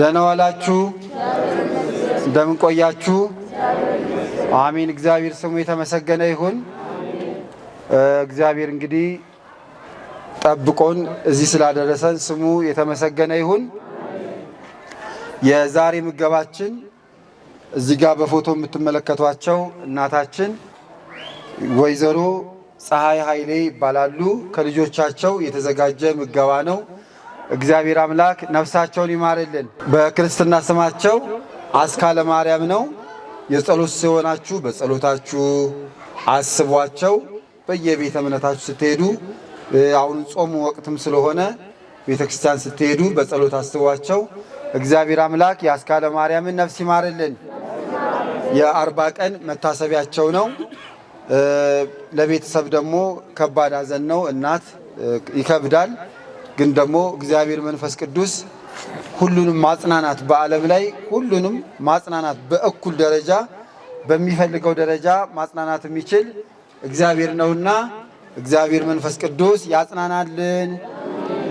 ደህና ዋላችሁ፣ እንደምን ቆያችሁ? አሚን። እግዚአብሔር ስሙ የተመሰገነ ይሁን። እግዚአብሔር እንግዲህ ጠብቆን እዚህ ስላደረሰን ስሙ የተመሰገነ ይሁን። የዛሬ ምገባችን እዚህ ጋር በፎቶ የምትመለከቷቸው እናታችን ወይዘሮ ፀሐይ ኃይሌ ይባላሉ። ከልጆቻቸው የተዘጋጀ ምገባ ነው። እግዚአብሔር አምላክ ነፍሳቸውን ይማርልን። በክርስትና ስማቸው አስካለ ማርያም ነው። የጸሎት ሲሆናችሁ በጸሎታችሁ አስቧቸው። በየቤተ እምነታችሁ ስትሄዱ፣ አሁን ጾሙ ወቅትም ስለሆነ ቤተ ክርስቲያን ስትሄዱ በጸሎት አስቧቸው። እግዚአብሔር አምላክ የአስካለ ማርያምን ነፍስ ይማርልን። የአርባ ቀን መታሰቢያቸው ነው። ለቤተሰብ ደግሞ ከባድ ሐዘን ነው። እናት ይከብዳል። ግን ደግሞ እግዚአብሔር መንፈስ ቅዱስ ሁሉንም ማጽናናት በዓለም ላይ ሁሉንም ማጽናናት በእኩል ደረጃ በሚፈልገው ደረጃ ማጽናናት የሚችል እግዚአብሔር ነውና እግዚአብሔር መንፈስ ቅዱስ ያጽናናልን፣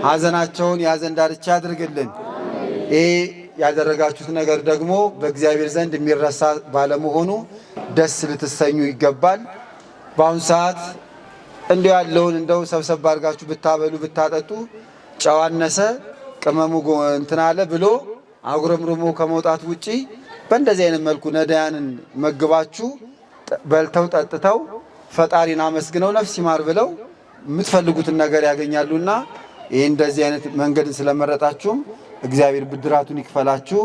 ሐዘናቸውን የሐዘን ዳርቻ ያድርግልን። ይሄ ያደረጋችሁት ነገር ደግሞ በእግዚአብሔር ዘንድ የሚረሳ ባለመሆኑ ደስ ልትሰኙ ይገባል። በአሁኑ ሰዓት እንዲ ያለውን እንደው ሰብሰብ አድርጋችሁ ብታበሉ ብታጠጡ ጨው አነሰ፣ ቅመሙ እንትን አለ ብሎ አጉረምርሞ ከመውጣት ውጪ በእንደዚህ አይነት መልኩ ነዳያንን መግባችሁ በልተው ጠጥተው ፈጣሪን አመስግነው ነፍስ ይማር ብለው የምትፈልጉትን ነገር ያገኛሉና ይህ እንደዚህ አይነት መንገድን ስለመረጣችሁም እግዚአብሔር ብድራቱን ይክፈላችሁ።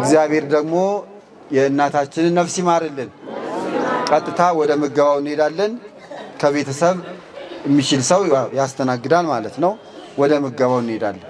እግዚአብሔር ደግሞ የእናታችንን ነፍስ ይማርልን። ቀጥታ ወደ ምገባው እንሄዳለን። ከቤተሰብ የሚችል ሰው ያስተናግዳል ማለት ነው። ወደ ምገባው እንሄዳለን።